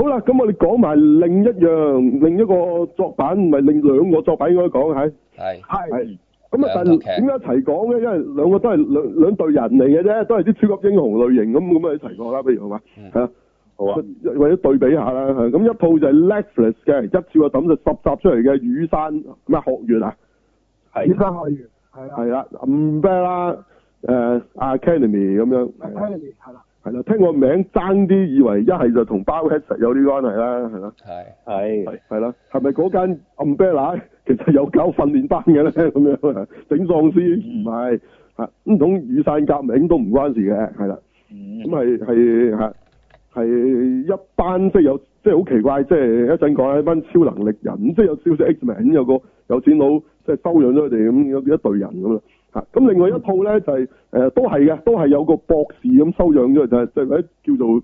好啦，咁我哋講埋另一樣，另一個作品，唔係另兩個作品，應該講係。係係。咁啊，但點解一齊講咧？因為兩個都係兩兩隊人嚟嘅啫，都係啲超級英雄類型咁咁啊，一齊講啦。不如好嘛吓，好啊。為咗對比下啦咁、啊、一套就係 Netflix 嘅，一次個等就十集出嚟嘅《雨傘咩學院》啊，啊《雨傘、啊、學院》係係啦 Umbrella 誒 Academy 咁樣。啊、Academy 係啦、啊。係啦，聽個名爭啲以為一係就同包赫食有啲關係啦，係啦係係係啦，係咪嗰間暗啤奶其實有搞訓練班嘅咧？咁樣整喪屍唔係吓，唔同、嗯啊、雨傘革命都唔關事嘅，係啦。咁係係吓係一班即係有即係好奇怪，即係一陣講一班超能力人，即係有少少 X-Men 有個有錢佬即係收養咗佢哋，咁有有一隊人咁啦。咁另外一套咧就係誒都係嘅，都係有個博士咁收養咗，就係即係叫做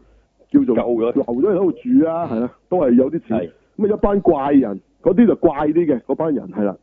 叫做留嘅留咗喺度住啦，啊，係啦，都係有啲錢咁啊一班怪人，嗰啲就怪啲嘅嗰班人係啦，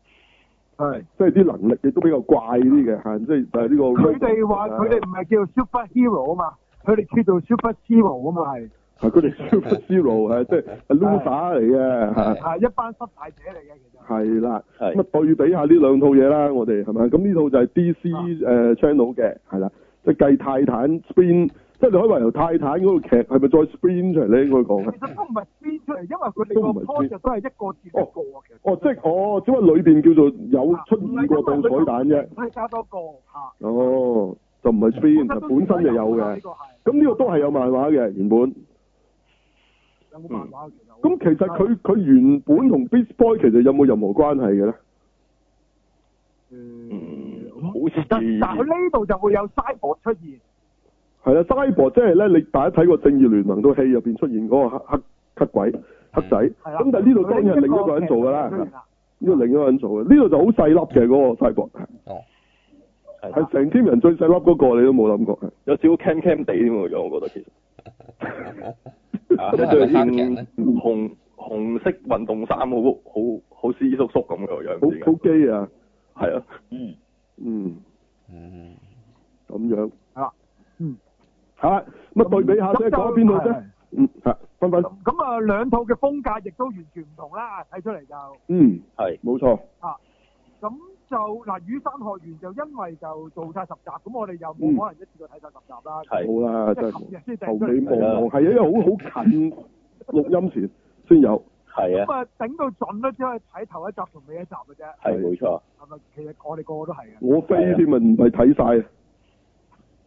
係即係啲能力亦都比較怪啲嘅嚇，即係就係、是、呢個、啊。佢哋話佢哋唔係叫 super hero 啊嘛，佢哋叫做 super zero 啊嘛，係。佢哋輸出 zero，r 係即係 loser 嚟嘅，係一班失敗者嚟嘅，其實係啦，咁啊對比下呢兩套嘢啦，我哋係咪咁呢套就係 D C 誒、啊呃、channel 嘅，係啦，即係繼泰坦 spin，即係你可以話由泰坦嗰個劇係咪再 spin 出嚟咧？你應該講啊，其實都唔係 spin 出嚟，因為佢哋個 project 都係一個接一個啊、哦，其、就是、哦，即係哦，只不過裏邊叫做有出現過到彩蛋啫，所以加多個、啊、哦，就唔係 spin，本身就有嘅，呢咁呢個都係有漫畫嘅原本。咁、嗯、其實佢佢原本同 Beast Boy 其實有冇任何關係嘅咧？嗯，冇事得。但係佢呢度就會有 Cyber 出現。係啦，Cyber 即係咧，你大家睇過正義聯盟個戲入邊出現嗰個黑黑黑鬼黑仔，咁但係呢度當然係另一個人做噶啦，呢度另一個人做嘅。呢度、這個、就好細粒嘅嗰個 Cyber。哦，係成千人最細粒嗰個你都冇諗過，有少少 cam cam 地添個樣，我覺得其實。 啊！着住件紅紅色運動衫，好好好斯叔叔咁樣樣，好好機啊！係啊，嗯嗯，咁樣係啦、啊啊，嗯，係啦，咁啊對比下先，講邊度啫？嗯，係、嗯嗯嗯嗯嗯嗯啊、分分。咁啊，兩套嘅風格亦都完全唔同啦，睇出嚟，就嗯係冇錯啊，咁。就嗱，雨傘學院就因為就做晒十集，咁我哋又冇可能一次過睇晒十集啦。係好啦，真係頭尾望望，係啊，因為好好近錄音前先有。係啊。咁啊，頂到盡都只可以睇頭一集同尾一集嘅啫。係冇錯。係咪？其實我哋個個都係。我飛添啊，唔係睇晒，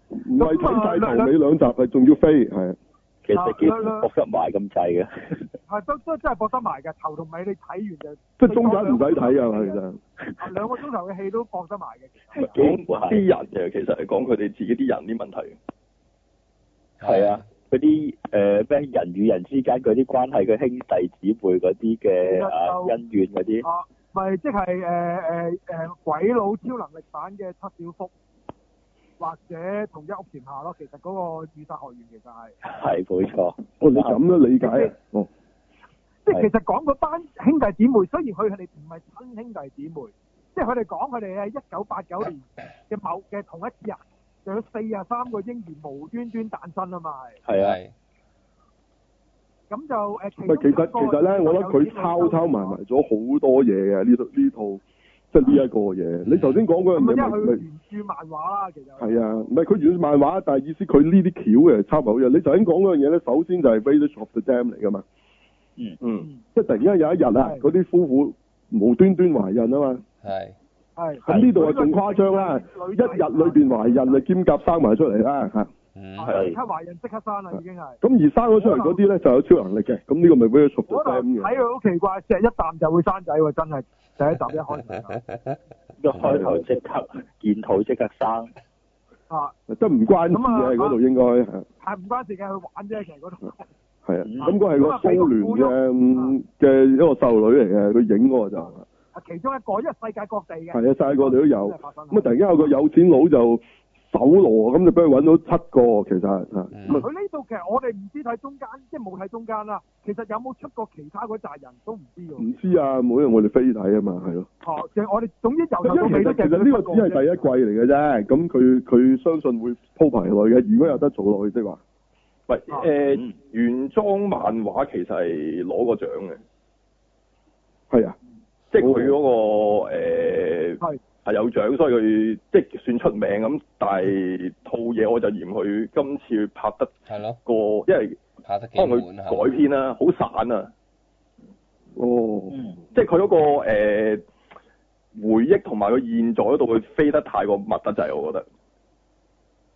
唔係睇晒頭尾兩集，係仲要飛，係。其實幾搏得埋咁滯嘅，係都都真係搏得埋嘅，頭同尾你睇完就即係中間唔使睇啊，兩兩其實。兩個鐘頭嘅戲都搏得埋嘅，啲人嘅其實係講佢哋自己啲人啲問題，係啊，嗰啲誒咩人與人之間嗰啲關係，佢兄弟姊妹嗰啲嘅啊恩怨嗰啲，哦，咪即係誒誒誒鬼佬超能力版嘅七小福。啊或者同一屋檐下咯，其實嗰個預測學院其實係係冇錯，我你咁樣理解，即係其實講嗰班兄弟姊妹，雖然佢哋唔係親兄弟姊妹，即係佢哋講佢哋係一九八九年嘅某嘅同一日有四十三個嬰兒無端端誕生啊嘛係，係啊，咁就誒，唔係其實其實咧，我覺得佢偷偷埋埋咗好多嘢嘅呢套呢套。即係呢一個嘢、嗯，你頭先講嗰樣嘢，咁即係佢原著漫畫啦，其實係、就是、啊，唔係佢原著漫畫，但係意思佢呢啲橋嘅差唔多一樣。你頭先講嗰樣嘢咧，首先就係 Village of the Damned 嚟噶嘛，嗯嗯，嗯，即係突然間有一日啊，嗰啲夫婦無端端懷孕啊嘛，係係，咁呢度係仲誇張啦，一日裏邊懷孕啊，兼夾生埋出嚟啦吓，係、嗯、即刻懷孕，即刻生啦、嗯，已經係。咁而生咗出嚟嗰啲咧就有超能力嘅，咁呢個咪 Village of the Damned 嘅。睇佢好奇怪，食一啖就會生仔喎，真係。第一集一開頭，一開頭即刻見肚即刻生，啊，都唔關事啊嘛，喺嗰度應該係，係、啊、唔關事嘅，去玩啫，其實嗰度係啊，應該係個蘇聯嘅嘅一個秀、啊、女嚟嘅，佢影嗰個就係、是啊、其中一個，因為世界各地嘅係啊，世界各地都有，咁啊，啊，突然間有個有錢佬就。搜羅咁就俾佢揾到七個，其實佢呢度其實我哋唔知睇中間，即係冇睇中間啦。其實有冇出過其他嗰扎人都唔知㗎。唔知啊，冇人我哋飛睇啊嘛，係咯。哦，係我哋總之由頭到尾其實呢個只係第一季嚟嘅啫。咁佢佢相信會鋪排落去嘅，如果有得做落去即話。唔、係呃、原裝漫畫其實係攞過獎嘅，係啊，嗯、即係佢嗰個誒。好好呃係有獎，所以佢即係算出名咁，但係套嘢我就嫌佢今次拍得過，因為可能佢改編啦、啊，好、嗯、散啊。哦，嗯、即係佢嗰個、嗯欸、回憶同埋佢現在嗰度，佢飛得太過密得滯、嗯，我覺得。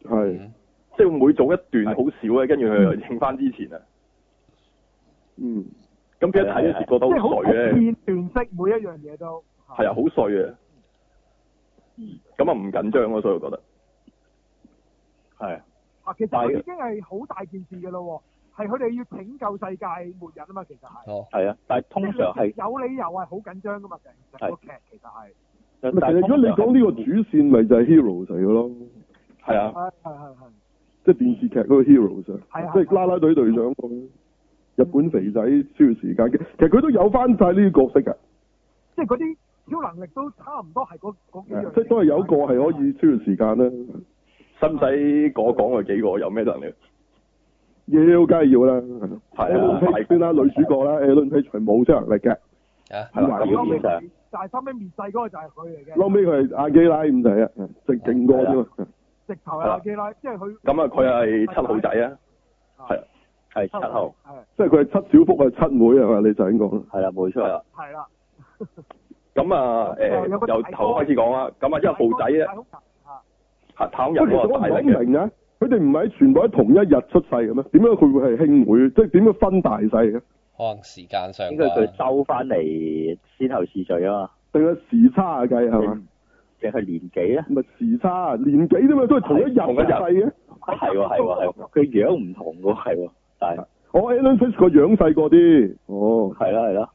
係、嗯，即係每做一段好少嘅，跟住佢又影翻之前啊。嗯，咁俾一睇咧，覺得好碎嘅。片段式，每一樣嘢都。係、嗯、啊，好碎啊！咁啊唔緊張咯，所以我覺得係啊。啊，其實已經係好大件事噶咯，係佢哋要拯救世界、末日啊嘛。其實係，係、哦、啊，但係通常係、就是、有理由係好緊張噶嘛。其實個、就、劇、是、其實係。但係，如果你講呢個主線，咪就係 heroes 嚟噶咯。係啊，係係係，即係電視劇嗰個 heroes 啊，即係拉拉隊隊長咁，日本肥仔需要時間嘅，其實佢都有翻晒呢啲角色噶，即係嗰啲。超能力都差唔多係嗰、嗰、即係都係有個係可以超越時間是是要時間啦。使唔使我講佢幾個、嗯、有咩能力？要，梗係要啦。係啊。先啦、啊，女主角啦，誒、啊,掄皮全冇超能力嘅、啊啊嗯。啊。係啊。但係收尾滅世嗰個就係佢嚟嘅。收尾佢係阿基拉咁滯啊，最勁過添啊。直頭、啊、係阿基拉，即係佢。咁啊，佢係七號仔啊，係係七號，係、啊，即係佢係七小福係七妹係嘛、啊？你就咁講。係啦，冇錯啦。係啦。咁、嗯、啊，誒、嗯、由、嗯、頭開始講啦。咁、嗯、啊，即係部仔咧，探日喎，係啊，佢哋唔係全部喺同一日出世嘅咩？點解佢會係兄妹？即係點樣分大細嘅？可能時間上。呢個係佢收翻嚟先後次序啊，定係時差計係嘛？其實佢年紀啊？咪時差年紀啫嘛，都係同一日嘅。係喎係喎係喎，佢、啊啊啊啊啊、 樣唔同喎係喎，係、啊。我 Ellen Page 個樣細個啲，哦，係啦係啦。哦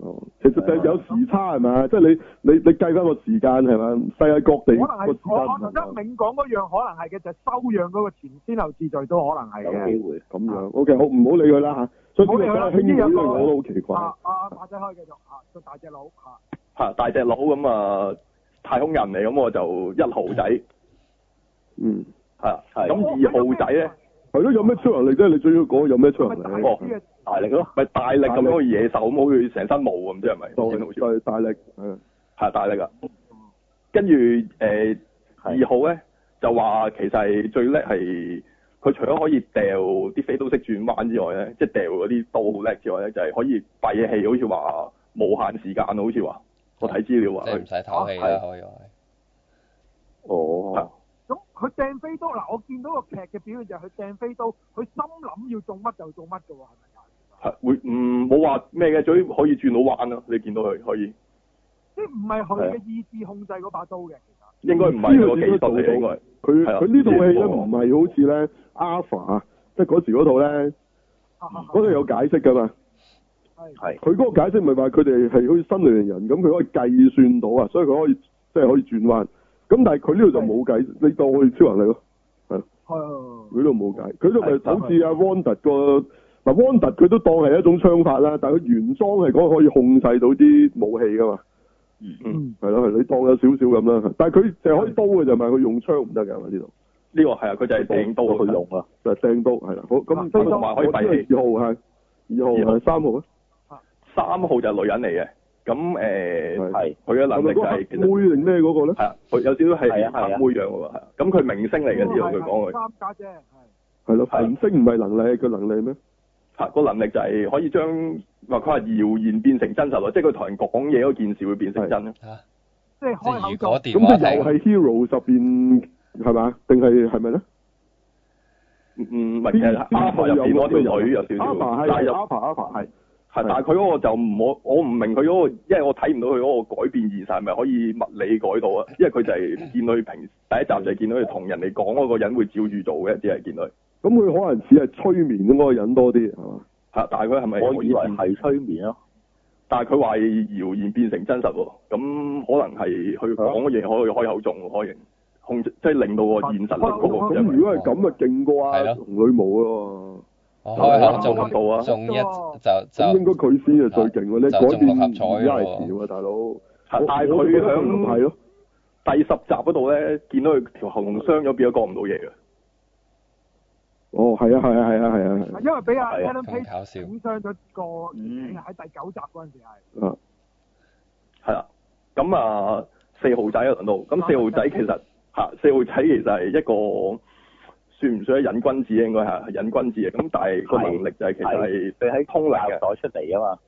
哦，其實就係有時差係咪？即係、啊就是、你你你計翻個時間係咪，世界各地個時間唔同。我我同阿銘講嗰樣可能係嘅，就係、是、收養嗰個前先流秩序，都可能係有機會咁樣、啊、，OK，好，唔好理佢啦吓。所以點解輕我都好奇怪？阿阿阿馬仔開繼續、啊啊啊，大隻佬，吓，吓，大隻佬咁啊，太空人嚟，咁我就一號仔，嗯，係咁二號仔咧，係、啊、咯，有咩超能力啫、啊？你最要講有咩超能力？力啊、大力咯，咪大力咁樣嘅野獸，咁好似成身毛啊！唔知係咪？對對,對,對,對，大力，嗯，係大力噶。跟住誒二號咧，就話其實係最叻係佢除咗可以掉啲飛刀式轉彎之外咧，即係掉嗰啲刀好叻之外咧，就係、是、可以閉氣，好似話無限時間，好似話我睇資料啊，即唔使透氣啊！可以，哦，咁佢掟飛刀嗱，我見到個劇嘅表現就係佢掟飛刀，佢心諗要做乜就做乜噶喎，係咪？係會，嗯，冇話咩嘅，最可以轉到彎咯。你見到佢可以，即係唔係佢嘅意志控制嗰把刀嘅，其實應該唔係呢個程度，佢佢呢套戲唔係好似咧 Alpha、啊、即係嗰時嗰套咧，嗰、啊、套有解釋噶嘛？係、啊、係。佢、啊、嗰個解釋唔係話佢哋係好似新類型人咁，佢可以計算到啊，所以佢可以即係可以轉彎。咁但係佢呢度就冇計、啊，你當佢超能力咯，係。係、啊。佢呢度冇計，佢呢度咪好似阿汪達個。嗱、啊、，Wanda 佢都當係一種槍法啦，但係佢原裝係講可以控制到啲武器噶嘛，嗯，係咯，係你當有少少咁啦，但係佢淨係可以刀嘅啫嘛，佢用槍唔得嘅，呢度，呢、這個係啊，佢就係掟刀去用啊，就係掟刀係啦，好，咁、啊，那個，可以係，二號，二號三號，號啊，三號就係女人嚟嘅，咁，誒，佢嘅能力就係，其實，咩嗰個咧，係佢有少少係黑妹樣嘅嘛，咁佢明星嚟嘅，呢度，佢講佢，三家姐係，係咯，明星唔係能力佢能力咩？啊！個能力就係可以將話佢話謠言變成真實咯，即係佢同人講嘢嗰件事會變成真咯。嚇！即係可以改咁佢又係 hero 入邊係嘛？定係係咪咧？嗯嗯，阿婆又變我條女又少少，阿爸係阿爸阿爸係但係佢嗰個就唔我我唔明佢嗰、嗰個，因為我睇唔到佢嗰個改變現實係咪可以物理改到啊？因為佢就係見到佢平時 第一集就見到佢同人哋講嗰個人會照住做嘅，只係見到。咁佢可能只係催眠嗰個人多啲，嗯，但係佢係咪？我以為係催眠啊。但係佢話謠言變成真實，咁可能係佢講嘅嘢，可以開口仲可以控制，即係令到個現實嚟，咁如果係咁，哦、啊，勁，哦、過啊，同佢冇啊。開開就咁做啊，仲一就就應該佢先啊，最勁嘅咧中六合彩喎，大佬。但係佢響係咯第十集嗰度咧，見到佢條喉嚨傷咗，變咗講唔到嘢嘅。哦，係啊，係啊，係啊，係啊。因為俾阿 Adam Peay 損傷咗個，喺、嗯、第九集嗰陣時係。啊。係啦、啊。咁啊，四號仔啊，輪到。咁四號仔其實吓、啊，四號仔其實係一個，算唔算係癮君子應該吓，癮君子啊。咁但係個能力就係其實係，是是你喺通靈嘅。袋出嚟啊嘛。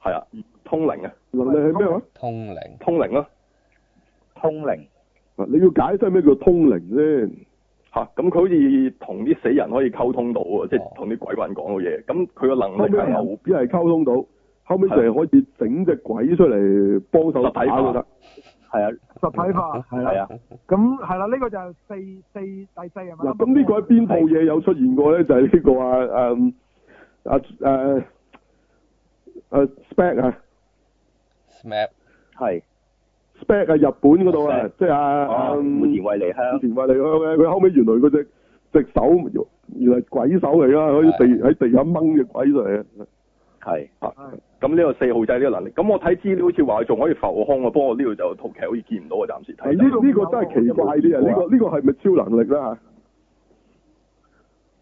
係啊，通靈啊，啊，啊。能力係咩啊？通靈、啊。通靈咯。通靈。嗱，你要解釋咩叫通靈先？吓、啊，咁佢好似同啲死人可以溝通到啊，即係同啲鬼鬼人講嘅嘢。咁佢個能力係未必係溝通到，後尾就係可以整隻鬼出嚟幫手睇下。係啊，實體化係啦。啊，咁係啦，呢、那個就四四第四係嘛？嗱，咁呢個係邊部嘢有出現過咧？就係、是、呢、這個 uh, uh, uh, uh, uh, 啊，啊 Spec 啊 Smack 係。啊，日本嗰度啊，即係啊，五田惠梨香，五田惠梨香佢後尾原來嗰隻隻手，原來鬼手嚟㗎，喺地喺地下掹隻鬼上嚟啊。係，咁呢個四號仔呢個能力，咁我睇資料好似話仲可以浮空啊，不過呢度就套劇好似見唔到啊，暫時睇。睇呢呢個真係奇怪啲啊，呢、呢個呢、呢個係咪超能力啦嚇？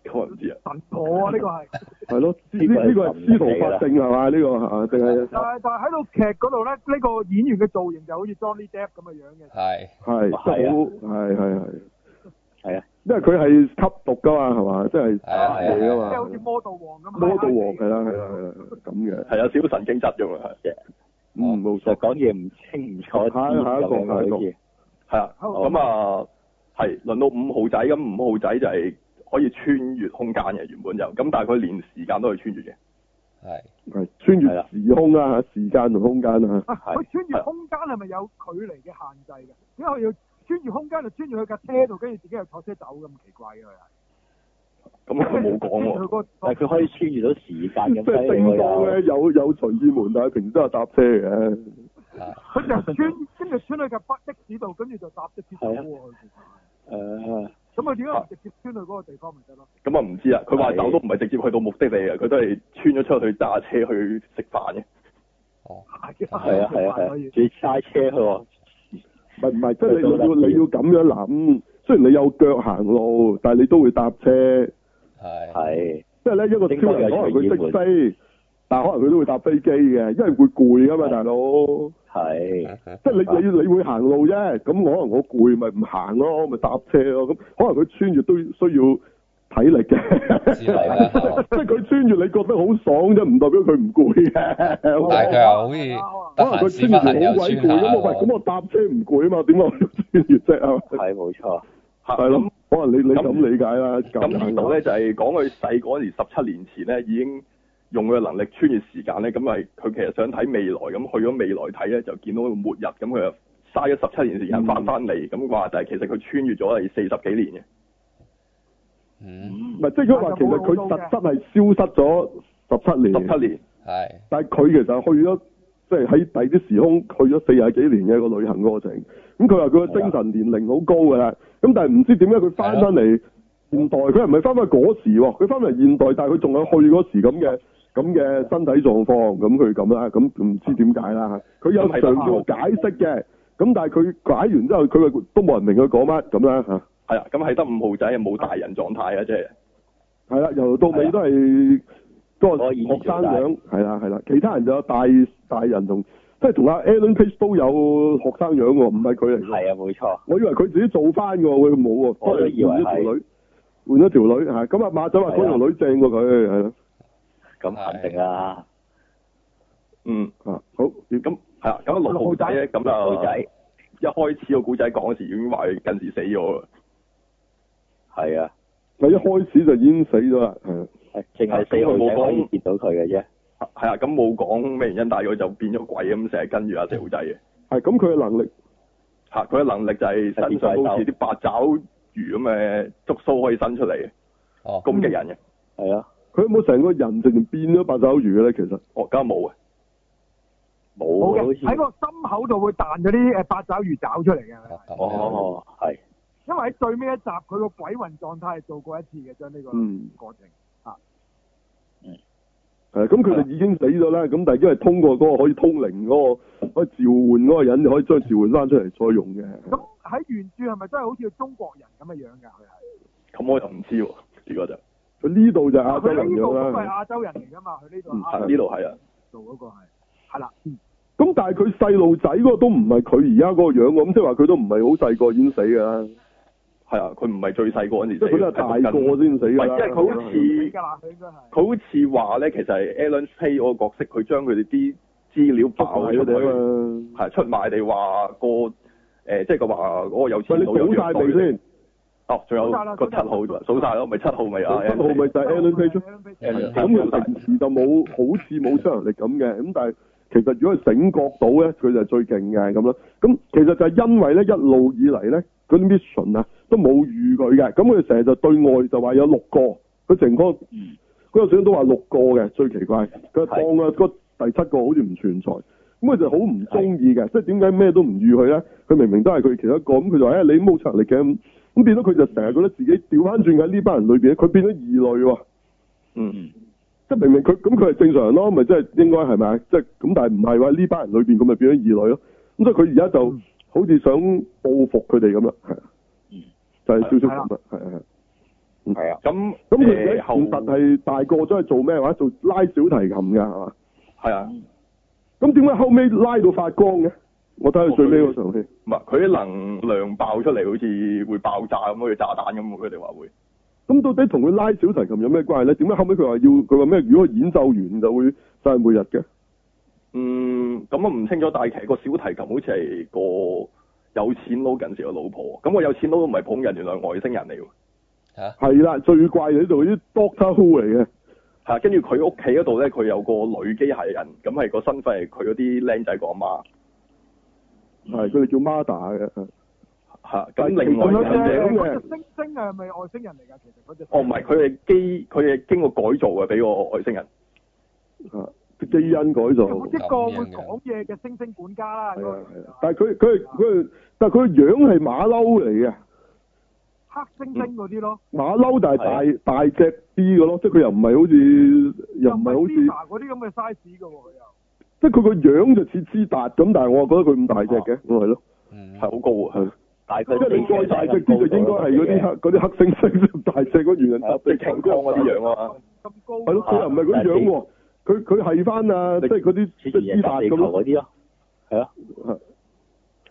神婆啊！呢個係係咯，呢呢個係司徒法正係嘛？呢個吓定係。但係但係喺度劇嗰度咧，呢個演員嘅造型就好似 Johnny Depp 咁嘅樣嘅。係係好係係係係啊！因為佢係吸毒噶嘛，係嘛，即係打劫噶嘛。即係好似魔盜王咁啊！魔盜王係啦係啦，咁樣係有少神經質咗啊！嘅嗯，冇熟講嘢唔清楚。下一個下一個係啊，咁啊係輪到五號仔咁，五號仔就係。可以穿越空間嘅，原本就咁，但係佢連時間都可以穿越嘅，係穿越時空啊，時間同空間啊。佢穿越空間係咪有距離嘅限制嘅？因為佢要穿越空間，就穿越去架車度，跟住自己又坐車走，咁奇怪嘅佢？咁佢冇講喎，但佢可以穿越到時間，即係正當有有隨意門，但係平時都係搭車嘅。佢 就穿，跟住穿去架的士度，跟住就搭的士走。係啊。誒。呃咁佢點解唔直接穿去嗰個地方咪得咯？咁啊唔知啊，佢話走都唔係直接去到目的地啊，佢都係穿咗出去揸車去食飯嘅。哦，係啊係啊係啊，直、啊、揸、 啊啊啊啊、車去喎、啊。唔係唔係即係你要、 啊、你要咁樣諗。雖然你有腳行路，但係你都會搭車。係係即係咧，一個超人可能佢識飛、 啊，但係可能佢都會搭飛機嘅，因為會攰 啊嘛，大佬。係，即係你你你會行路啫，咁可能我我攰咪唔行咯，咪搭車咯，咁可能佢穿越都需要體力嘅， 即係佢穿越你覺得好爽啫，唔代表佢唔攰嘅。 好 但係佢又好似哇，可能佢穿越好鬼攰咁啊，咁、嗯、我搭車唔攰啊嘛，點解要穿越啫啊？係冇錯，係咯、嗯，可能你你咁理解啦。咁而到咧就係講佢細嗰年十七年前咧已經。用佢嘅能力穿越時間咧，咁係佢其實想睇未來咁去咗未來睇咧，就見到個末日咁，佢又嘥咗十七年時間翻翻嚟，咁、嗯、話，就係其實佢穿越咗係四十幾年嘅，唔、嗯、係、嗯、即係佢話其實佢實質係消失咗十七年，十七年係，但係佢其實去咗即係喺第二啲時空去咗四廿幾年嘅一個旅行過程。咁佢話佢嘅精神年齡好高㗎啦，咁但係唔知點解佢翻翻嚟現代，佢又唔係翻翻嗰時喎，佢翻翻嚟現代，但係佢仲有去嗰時咁嘅。咁嘅身體狀況，咁佢咁啦，咁、嗯、唔、嗯嗯、知點解啦嚇。佢有嘗試解釋嘅，咁但係佢解完之後，佢都冇人明佢講乜咁啦嚇，係啊，咁係得五號仔啊，冇大人狀態啊，即、嗯、係。係啦，由、嗯嗯嗯、到尾都係都學生樣，係啦係啦。其他人就有大大人同，即係同阿 Ellen Page 都有學生樣喎，唔係佢係。係啊，冇錯。我以為佢自己做翻嘅喎，佢冇喎，幫佢換咗條女，換咗條女嚇。咁阿、嗯、馬仔話嗰條女正過，佢咁肯定啦。嗯啊，好，咁係啦，咁六號仔咧，咁啊，一開始個古仔講嗰時已經話佢近時死咗啦。係啊，佢一開始就已經死咗啦。係、嗯，淨係四號仔可以見到佢嘅啫。係啊，咁冇講咩原因，大概就變咗鬼咁，成日跟住阿四號仔嘅。係咁，佢嘅能力嚇，佢嘅能力就係身上好似啲八爪魚咁嘅觸須可以伸出嚟，嘅、啊。攻擊人嘅，係、嗯、啊。佢有冇成個人變成變咗八爪魚嘅咧？其實，哦，而家冇嘅，冇嘅。喺個心口度會彈咗啲誒八爪魚爪出嚟嘅。哦 是的，係。 因為喺最尾一集，佢個鬼魂狀態係做過一次嘅，將呢個過程啊。嗯。咁佢哋已經死咗啦。咁但係因為通過嗰個可以通靈嗰、嗰個，可以召喚嗰個人，可以將召喚翻出嚟再用嘅。咁喺原著係咪真係好似中國人咁嘅樣㗎？佢係。咁我就唔知喎，呢個就。佢呢度就亞洲人呢度係亞洲人嚟噶嘛？佢呢度。係呢度啊。做嗰個係。啦、啊。咁、嗯、但係佢細路仔嗰個都唔係佢而家嗰個樣喎，咁即係話佢都唔係好細個已經死㗎啦。係啊，佢唔係最細個嗰陣時死。大個先死㗎係，即佢、啊、好似。話佢好似話咧，其實係 Ellen Page 嗰個角色，佢將佢哋啲資料爆係出嚟，係、啊、出賣地話個即係佢話嗰個有錢佬。你地先。哦，仲有個七號，數晒咯，咪七號咪、啊、有。七號咪就係 a l l 咁佢平時就冇好似冇超能力咁嘅，咁但係其實如果醒覺到咧，佢就係最勁嘅咁咯。咁其實就係因為咧一路以嚟咧，嗰啲 mission 啊都冇預佢嘅，咁佢成日就對外就話有六個，佢成個嗰陣都話六個嘅，最奇怪，佢當個第七個好似唔存在，咁佢就好唔中意嘅，即係點解咩都唔預佢咧？佢明明都係佢其他一個，咁佢就誒、哎、你冇超能力嘅。咁變到佢就成日覺得自己調翻轉喺呢班人裏邊，佢變咗異類喎。嗯，即係明明佢咁佢係正常咯，咪即係應該係咪？即係咁，但係唔係話呢班人裏邊，咁咪變咗異類咯。咁即係佢而家就好似想報復佢哋咁啦，係、嗯，就係、係、少少咁啦，係啊。咁咁佢後實係大個咗係做咩話？做拉小提琴㗎係嘛？係啊。咁點解後尾拉到發光嘅？我睇佢最尾嗰場戲，唔係佢啲能量爆出嚟，好似會爆炸咁，好似炸彈咁。佢哋話會咁，到底同佢拉小提琴有咩關係咧？點解後尾佢話要佢話咩？如果演奏完就會就係、是、末日嘅。嗯，咁啊唔清楚，但係其實個小提琴好似係個有錢佬近時個老婆。咁、那、我、個、有錢佬都唔係捧人，原來外星人嚟嘅，吓係啦，最怪喺度啲 Doctor Who 嚟嘅係。跟住佢屋企嗰度咧，佢、啊、有個女機械人，咁、那、係個身份係佢嗰啲僆仔個阿媽。係佢哋叫 Mada 嘅，吓、嗯、咁另外有隻猩猩係咪外星人嚟噶？其實嗰隻哦唔係，佢係基，佢係經過改造嘅，俾個外星人。基因改造。有、嗯、一個會講嘢嘅猩猩管家？但係佢佢係佢係，但係佢嘅樣係馬騮嚟嘅，黑猩猩嗰啲咯。馬、嗯、騮，但係大的大，大隻啲嘅咯，即係佢又唔係好似，又唔係好似嗰啲咁嘅 size 嘅喎。又即係佢個樣就似支達咁，但係我覺得佢咁大隻嘅、啊，嗯係咯，係好高喎。係。但即係大隻你再大隻啲就應該係嗰啲黑啲黑猩猩大隻個猿人特啲頭光嗰啲樣啊，咁高。係咯，佢又唔係嗰樣喎，佢佢係翻啊，即係嗰啲支達咁咯。係啊，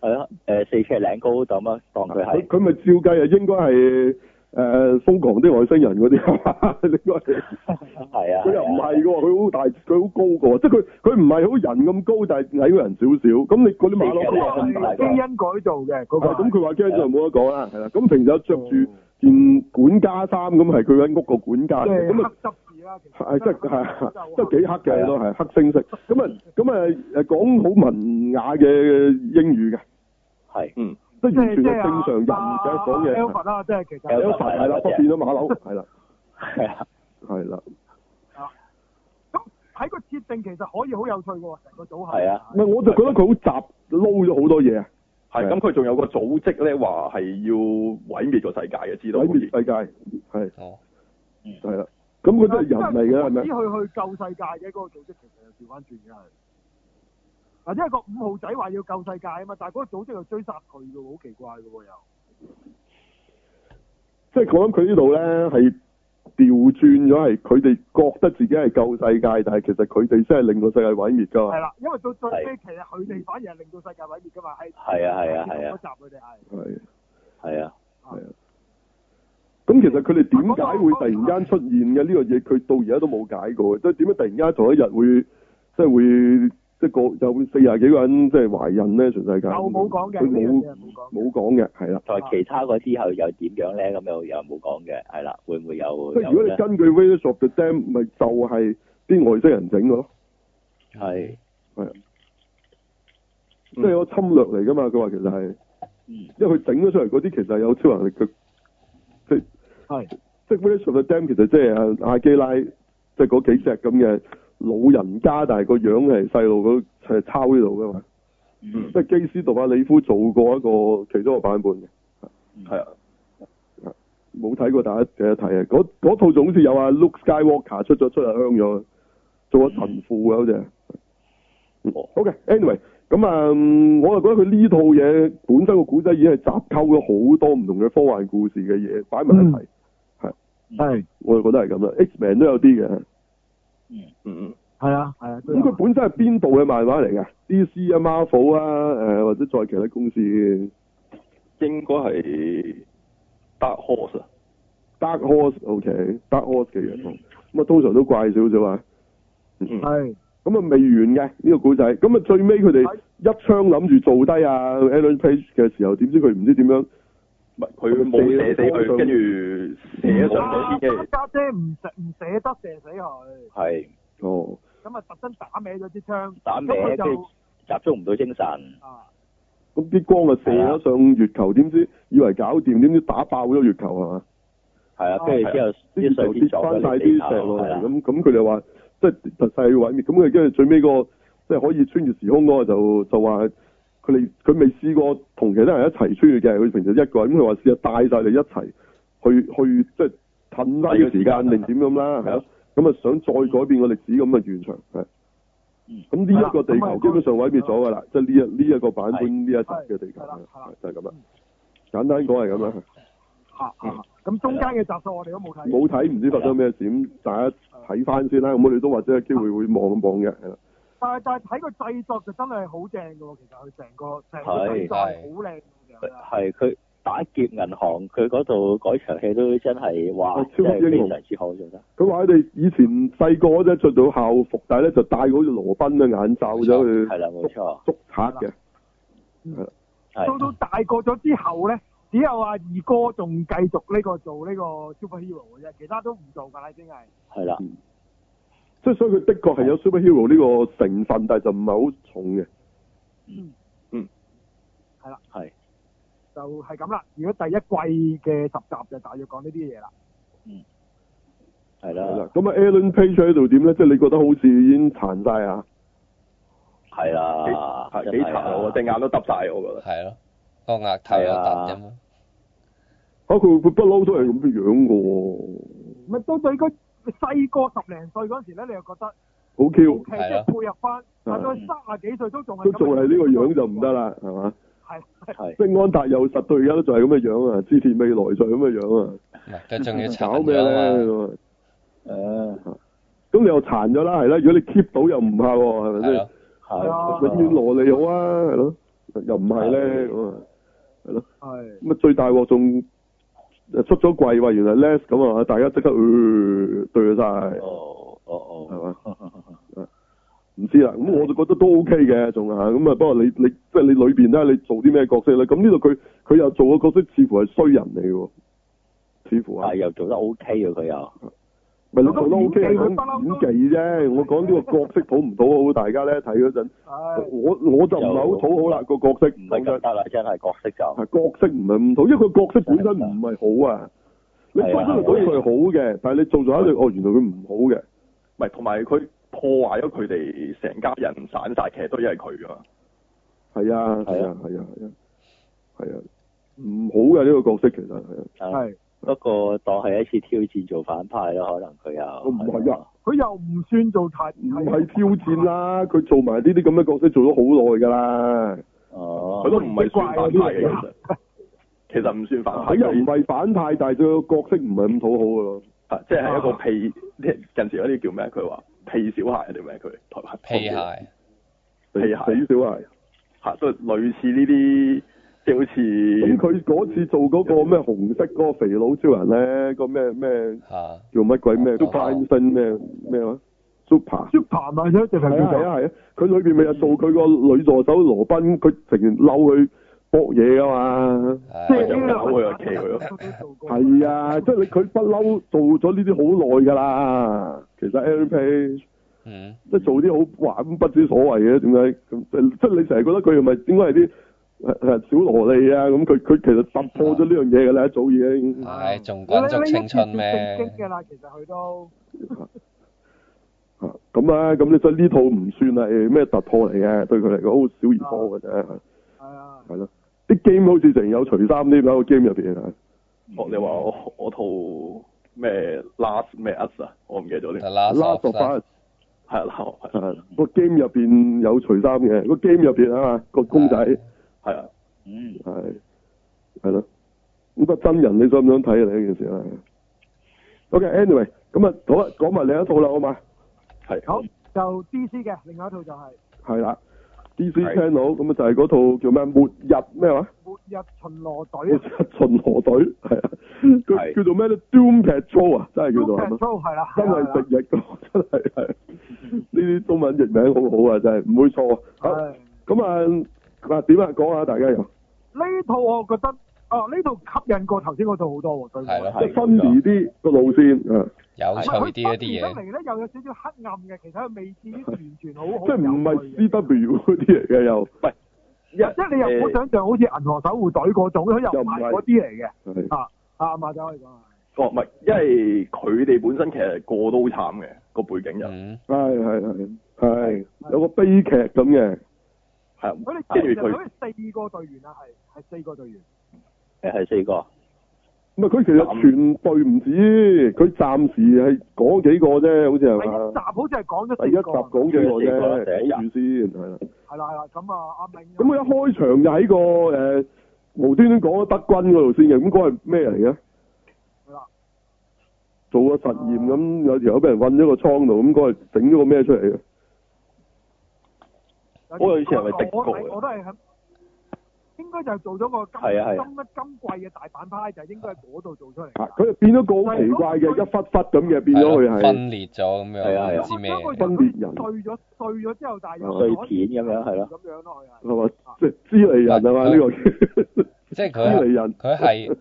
係啊，誒，四尺零高就咁啊，當佢係。佢佢咪照計啊，應該係。誒、呃，瘋狂啲外星人嗰啲係嘛？應該係 啊。佢又唔係噶，佢好、啊、大，佢好高噶。即係佢，佢唔係好人咁高，啊高啊、但係矮過人少少。咁你嗰啲馬騮都話咁大。基因改造嘅，咁佢話基因就冇得講啦，係啦、啊。咁平時着住件管家衫，咁係佢間屋個管家黑執事啦，即係，係，即係幾黑嘅都係黑猩猩。咁啊，咁啊，誒，講好、啊啊啊啊啊啊、文雅嘅英語嘅。係、啊。嗯。即完全嘅正常人嘅講嘢啦，即係其實。e 係啦，變咗馬騮，係啦，係啊，係啦。啊！咁喺個設定其實可以好有趣嘅喎，個組合。係啊。唔係，我就覺得佢好雜撈咗好多嘢。係。咁佢仲有個組織咧，話係要毀滅個世界嘅，知道？毀滅世界。係。哦。係啦。咁佢都係人嚟嘅，係咪？唔止去去救世界嘅嗰個組織其實又調返轉嘅係。嗱，即係個五號仔話要救世界啊嘛，但係嗰個組織又追殺佢嘅，好奇怪嘅喎又。即係我諗佢呢度咧係調轉咗，係佢哋覺得自己係救世界，但係其實佢哋真係令到世界毀滅噶。係啦，因為到最尾，其實佢哋反而係令到世界毀滅噶嘛。係。係啊係啊係啊。集佢哋係。係。係啊係。咁其實佢哋點解會突然間出現嘅呢個嘢？佢到而家都冇解過，即係點解突然間同一日會即係會。即係個有四廿幾個人即係懷孕咧，全世界。冇講嘅，冇冇講嘅，係啦。同埋其他嗰之後又點樣咧？咁又又冇講嘅，係啦。會唔會有？即係如果你根據《Village of the Damned》，咪、嗯、就係、是、啲外星人整嘅咯。係係、嗯，即係個侵略嚟㗎嘛？佢話其實係，因為佢整咗出嚟嗰啲其實有超能力嘅，即係即《Village of the Damned》其實即係阿基拉即係嗰幾隻咁嘅。老人家，但係個樣係細路，佢係抄呢度噶嘛？即係，mm-hmm. 基斯杜化里夫做過一個其中一個版本嘅，係、mm-hmm. 啊，冇睇過，大家記得睇啊！嗰嗰套總好似有阿 Luke Skywalker 出咗出嚟香咗，做咗神父啊，mm-hmm. 好似。OK 好 anyway 咁啊，我就覺得佢呢套嘢本身個古仔已經係雜糅咗好多唔同嘅科幻故事嘅嘢擺埋一齊，係係、啊，mm-hmm. 我就覺得係咁啦，X-Men 都有啲嘅。嗯嗯嗯，係啊係啊。咁佢、啊、本身係邊部嘅漫畫嚟嘅？D C 啊，Marvel 啊，誒、呃，或者再其他公司？應該係 Dark Horse 啊，Dark Horse，OK，Dark Horse 嘅、okay、嘢。咁啊、嗯嗯，通常都怪少少嗯，係咁啊，未 完嘅呢、這個古仔。咁啊，最尾佢哋一槍諗住做低啊 Ellen Page 嘅時候，點知佢唔知點樣？佢冇射死佢，跟住射咗上嗰啲，家姐唔捨唔捨得射死佢。係。哦。咁啊，特登打歪咗支槍，咁佢就集中唔到精神。咁、啊、啲光啊射咗上月球，點知以為搞掂，點知打爆咗月球係嘛？係啊，跟住之後啲月球跌翻晒啲石落嚟，咁咁佢就話即係特細毀滅，咁佢跟住最尾個即係可以穿越時空嗰個，就就話。佢哋佢未試過同其他人一齊出去嘅，佢平時一個人，佢話試下帶晒你一齊去去即係近低嘅時間定點咁啦，係咯，咁啊、嗯嗯、想再改變個歷史咁嘅現場，係。咁呢一個地球基本上毀滅咗㗎啦，即係呢一呢一個版本呢一集嘅地球係就係咁啦。簡單講係咁啦。嚇咁、啊嗯啊、中間嘅集數我哋都冇睇。冇睇唔知發生咩事，咁大家睇翻先啦。咁我哋都或者有機會會望一望嘅，但係但係睇個製作就真係好正噶其實佢成個成個製作好靚嘅。係佢打劫銀行，佢嗰度嗰場戲都真係哇超級英雄嚟，之後做得。佢話佢哋以前細個嗰陣着到校服，但係咧就戴到好似羅賓嘅眼罩咁樣。係啦，冇錯。足下嘅。到到大個咗之後咧，只有阿二哥仲繼續呢個做呢個 super hero 嘅啫，其他都唔做噶啦，已經係。係啦。嗯即所以佢的確係有 Superhero 呢個成分，但係就唔係好重嘅、嗯。嗯，係啦，係，就係咁啦。如果第一季嘅十集就大約講呢啲嘢啦。嗯，係啦。咁啊，Ellen Page 喺度點咧？即係你覺得好似已經殘晒啊？係啊，幾殘喎！隻眼都耷晒。我覺得。係咯，個額太凸咁咯。佢佢不嬲都係咁嘅樣嘅喎。唔係細個十零歲嗰時咧，你又覺得好 Q，即係配合翻，大概到卅幾歲都仲係都仲係呢個樣就唔得啦，係嘛？係係，即安踏又實對而家都仲係咁嘅樣啊，之前未來就係咁嘅樣炒炒啊。唔、啊、係，要炒咩咧？咁、嗯、你又殘咗啦，係啦。如果你 keep 到又唔怕喎，係咪先？係永遠蘿莉好啊，係咯，又唔係咧，咁係咯。係。咁啊，最大鑊仲。出咗櫃話原來 less 咁啊，大家即刻、呃、對晒。哦、oh, oh, oh.，哦 哦，係嘛？唔知啦，咁我就覺得都 OK 嘅，仲吓咁啊。不過你你即係你裏邊咧，你做啲咩角色咧？咁呢度佢佢又做個角色似，似乎係衰人嚟喎，似乎啊又做得 OK 嘅佢又。咪老豆都好傾演技啫，我講呢個角色討唔討好，大家咧睇嗰陣，我我就唔係好討好啦，個角色唔。唔得啦，真係角色就係角色，唔係唔討，因為個角色本身唔係好，好啊。你本身對佢係好嘅，但係你做咗喺度，哦，原來佢唔好嘅。唔係，同埋佢破壞咗佢哋成家人散晒，其實都係佢啊嘛。係啊，係啊，係啊，係啊，唔好嘅呢個角色其實係。係、啊。係啊，係啊，係啊，係啊。不過當係一次挑戰做反派咯，可能佢又唔係啊，佢又唔算做太唔係挑戰啦。佢做埋呢啲咁嘅角色做咗好耐噶啦。哦，佢都唔係算反派嚟嘅、啊。其實唔、啊、算反派又唔係反派，啊、但係佢個角色唔係咁討好咯。吓，即係一個屁、啊，近時有啲叫咩？佢話屁小孩定咩？佢台灣屁孩，屁，屁，屁，屁小孩吓、啊，都類似呢啲。幾次？咁佢嗰次做嗰個咩紅色嗰個肥佬超人咧，個咩咩叫乜鬼咩都攀身咩咩話？super super 咪就係佢係啊係啊，佢裏邊咪又做佢個女助手羅賓，佢成日嬲佢搏嘢啊嘛，即係又嬲佢又騎佢咯，係啊，即係你佢不嬲做咗呢啲好耐噶啦，其實 L P，即係做啲好玩不知所謂嘅，點解？即即係你成日覺得佢係咪應該係啲？小蘿莉啊！咁佢佢其實突破咗呢樣嘢嘅咧，早已經。係仲緊張青春咩？經典嘅啦，其實佢都咁啊！咁你即係呢套唔算係咩、欸、突破嚟嘅，對佢嚟講好小兒科嘅啫。係啊。係、哎、咯，啲 game 好似成有除衫添啦，個 game 入邊啊！我你話我套咩 last 咩 us 啊？我唔記得咗咧。last。last of。係啊，係啊，個 game 入邊有除衫嘅，個 game 入邊啊嘛，個公仔。係啊，嗯，係，係咯、啊，呢部真人你想唔想睇啊？呢件事啊 o k、okay, a n y、anyway, w a y 咁啊，好啦，講埋另一套啦，好嘛，係、啊。好，就 DC 嘅，另外一套就係、是。係啦、啊、DC Channel，咁啊就係嗰套叫咩？末日咩話、啊？末日巡邏隊巡邏隊，係啊，佢、啊啊、叫做咩咧？Doom Patrol 啊，真係叫做係嘛 d o o 係啦，真係直譯真係係，呢啲、啊啊啊、中文譯名好好啊，真係唔會錯啊。咁啊。啊嗱、啊，點樣講啊，大家又呢套我覺得，哦、啊，呢套吸引過頭先嗰套好多喎，對唔、嗯、對？即新啲啲個路線，有趣啲一啲嘢。出嚟咧又有少少黑暗嘅，其實未至於完全好好。即唔係 C W 嗰啲嚟嘅又唔係，啊、即你又冇想像好似《銀河守護隊》嗰種，佢又唔係嗰啲嚟嘅，啊啊嘛就可以講。哦、啊，唔、啊啊啊啊啊啊啊、因為佢哋本身其實過到好慘嘅個背景又，係係係係有個悲劇咁嘅。哎哎哎如果跟四個隊員啊，係係四個隊員，誒係四個，唔係佢其實全隊唔止，佢暫時係講幾個啫，好似係一集好似係講咗，第一集講咗幾個啫，頂住先，係啦，係啦，咁啊，阿明，咁佢一開場就喺個誒、呃、無端端講咗德軍嗰度先嘅，咁嗰係咩嚟嘅？係啦，做實驗，啊、個實驗咁，有條友俾人困咗個倉度，咁嗰係整咗個咩出嚟嘅？嗱，我以前係的確，我都係肯，應該就係做咗個金金一金貴嘅大反派，就應該喺嗰度做出嚟。係佢就變咗個好奇怪嘅一忽忽咁嘅，變咗佢係分裂咗咁樣，係啊，唔知咩分裂人碎咗碎咗之後，但係又啲碎片咁樣，係咯，咁樣咯係嘛？即係知嚟人啊嘛？呢個即係佢，知嚟人佢係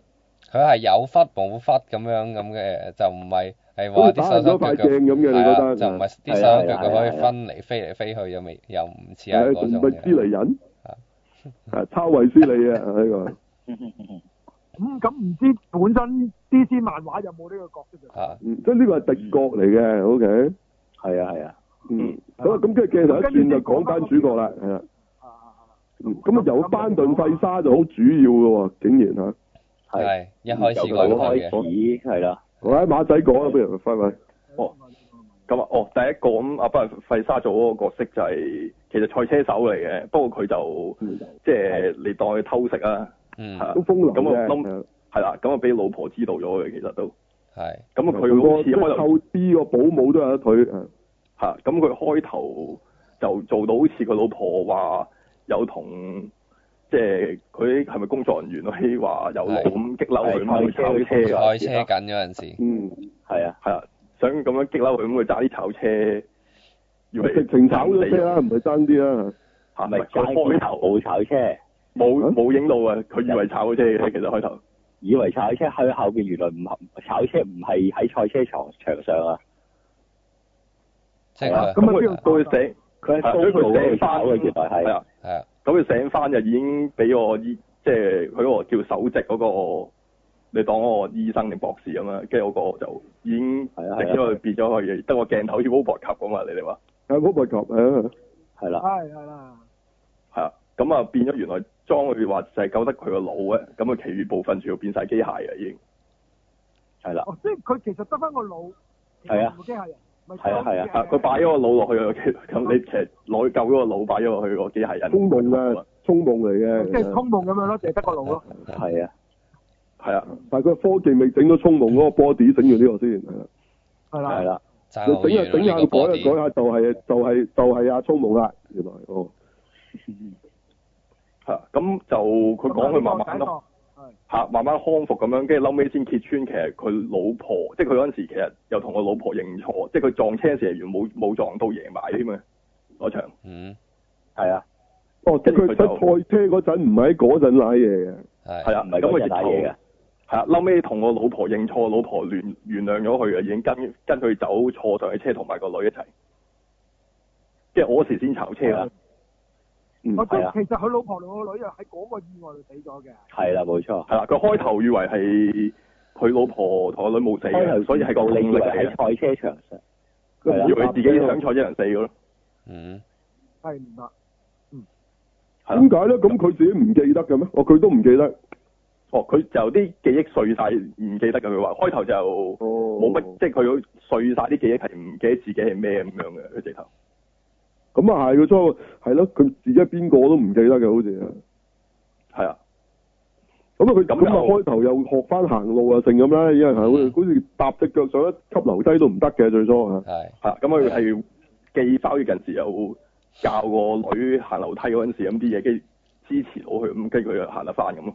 佢係有忽冇忽咁樣咁嘅，就唔係。係話啲手手腳腳咁嘅，你覺得、啊、就唔係啲手腳就可以分嚟、啊、飛嚟飛去又未又唔似係嗰種嘅。斯人。 啊，啊抄維斯利啊呢、這個。咁咁唔知本身 DC 漫畫有冇呢個角色、okay? 啊？即係呢個係敵國嚟嘅，OK。係啊係啊。嗯，咁啊咁跟住鏡頭一轉就講翻主角啦，係啦、啊。咁啊由班頓費沙就好主要噶喎，竟然係，係、嗯嗯嗯嗯、一開始嗰開始係啦。我喺馬仔講啊，不如快啲。哦，咁啊，哦，第一個咁啊，唔係費沙做嗰個角色就係、係、其實係賽車手嚟嘅，不過佢就、嗯、即係你當佢偷食啊，嚇咁啊諗係啦，咁啊俾老婆知道咗嘅，其實都係咁啊，佢好似咁啊，偷 B 個保姆都有得佢，嗯，嚇咁佢開頭就做到好似佢老婆話有同。即係佢係咪工作人員可以話有咁激嬲佢咁炒車？賽車緊嗰陣時，嗯，係啊，係啊，啊，想咁樣激嬲佢咁去揸啲炒車，要直情炒咗車唔係爭啲啊？係咪？開頭冇炒車，冇冇影到啊？佢以為炒車，車其實開頭以為炒車喺後邊，原來唔係炒車唔係喺賽車場場上啊？咁、就是、啊，都要到死。佢佢中度醒翻嘅，原來係啊，咁佢醒翻就已經俾我醫，即係佢個叫首席嗰個，你當我醫生定博士咁啊？跟住我個就已經整咗佢，變咗佢，得個鏡頭要 robot 咁啊！你哋話係 robot 啊，係啦，係啦，係啊，咁啊變咗原來裝佢話就係救得佢、哦、個腦嘅，咁啊，其餘部分全部變曬機械嘅已經，係啦，哦，即係佢其實得翻個腦，係啊，部機械人。係啊係啊，佢擺咗個腦落去啊，咁、啊啊啊、你其實攞嚿嗰個腦擺咗落去個機械人，衝動啊，衝動嚟嘅，即係衝動咁樣咯，淨係得個腦咯，係啊係啊，但係佢科技未整到衝動嗰個波，點整住呢個先係啦，係啦、啊啊，你整下整下改下改下就係就係就係啊，衝、這、動、個、啊，原、就、來、是就是就是就是啊、哦，吓 咁、啊、就佢講佢慢慢咯。吓，慢慢康復咁樣，跟住嬲尾先揭穿，其實佢老婆，即係佢嗰陣時，其實又同我老婆認錯，即係佢撞車時原冇冇撞到贏埋添啊，嗰場。嗯。係啊。哦，即係佢賽車嗰陣，唔係喺嗰陣拉嘢嘅。係。啊，唔係嗰陣拉嘢嘅。係啊，嬲尾同我老婆認錯，老婆原原諒咗佢啊，已經跟跟佢走，坐上嘅車同埋個女一齊。即係我嗰時先炒車，嗯其實佢老婆同個女又喺嗰個意外度死咗嘅。係啦，冇錯。係 啦，佢開頭以為係佢老婆同個女冇死嘅，係啊，所以係個誤會喺賽車場上。係啊，以為自己想賽車人死咗咯。嗯。係明白。嗯。點解咧？咁佢自己唔記得嘅咩？哦，佢都唔記得。哦，佢就啲記憶碎晒，唔記得嘅佢話，開頭就冇乜，即係佢碎晒啲記憶，係唔記得自己係咩咁樣嘅佢直頭。咁啊係，佢初係咯，佢自己邊個都唔記得嘅，好似啊，係啊。咁啊佢咁啊開頭又學翻行路啊，剩咁啦，因為好似好似踏隻腳上一級樓梯都唔得嘅，最初啊。係。係咁佢係記翻呢陣時又教個女行樓梯嗰陣時，咁啲嘢機支持到佢，咁跟佢行得翻咁咯。